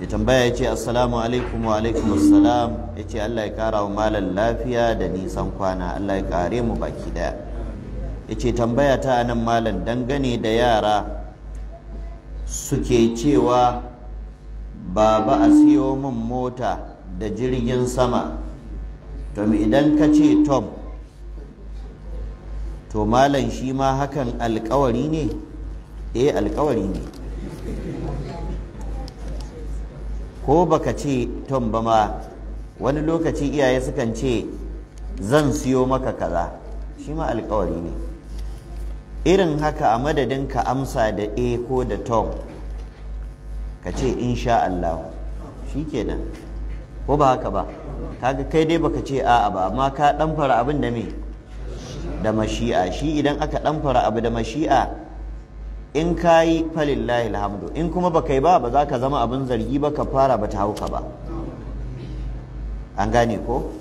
ya tambaya ya ce assalamu alaikum wa alaikum assalam ya ce Allah ya kara wa malam lafiya da nisan kwana Allah ya kare mu baki daya ya ce tambaya ta anan malam dangane da yara suke cewa baba a siyo min mota da jirgin sama to idan ka ce tom to malam shi ma hakan alkawari ne eh alkawari ne ko baka ce tom ba ma wani lokaci iyaye sukan ce zan siyo maka kaza shi ma alkawari ne irin haka a madadin ka amsa da a ko da tom ka ce insha Allah shi kenan ko ba haka ba kaga kai dai baka ce a'a ba amma ka ɗan fara abin da me da mashi'a shi idan aka ɗan fara abu da mashi'a in ka yi falillahi alhamdu in kuma ba kai ba ba za ka zama abin zargi ba ka fara ba ta hauka ba an gane ko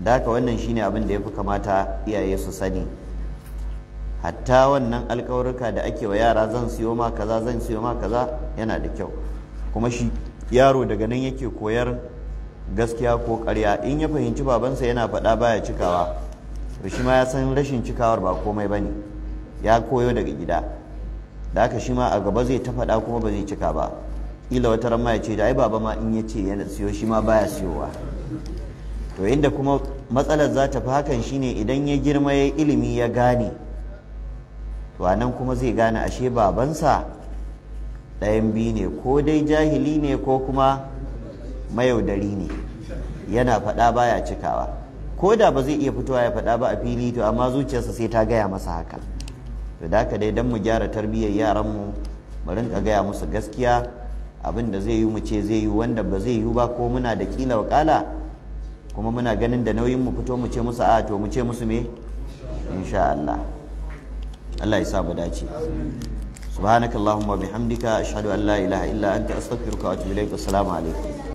da haka wannan shine abin da ya fi kamata iyaye su sani hatta wannan alkawarka da ake wa yara zan siyo ma kaza zan siyo ma kaza yana da kyau kuma shi yaro daga nan yake koyar gaskiya ko karya, in ya fahimci babansa yana faɗa baya cikawa to shi ma ya san rashin cikawar ba komai bane ne ya koyo daga gida da aka shi ma a gaba zai ta faɗa kuma ba zai cika ba ila wata rama ya ce da ai baba ma in ya ce yana siyo shi ma baya siyowa to inda kuma matsalar za ta fi hakan shine idan ya girma ya ilimi ya gane to a nan kuma zai gane ashe babansa ɗayan biyu ne ko dai jahili ne ko kuma mayaudari ne yana faɗa baya cikawa ko da ba zai iya fitowa ya faɗa ba a fili to amma zuciyarsa sai ta gaya masa haka to da ka dai don mu gyara tarbiyyar yaran mu mu ka gaya musu gaskiya abin da zai yi mu ce zai yi wanda ba zai yi ba ko muna da kila wakala kuma muna ganin da nauyin mu fito mu ce musu a to mu ce musu me insha Allah Allah ya sa mu dace subhanakallahumma bihamdika ashhadu an la ilaha illa anta astaghfiruka wa atubu ilaik assalamu alaikum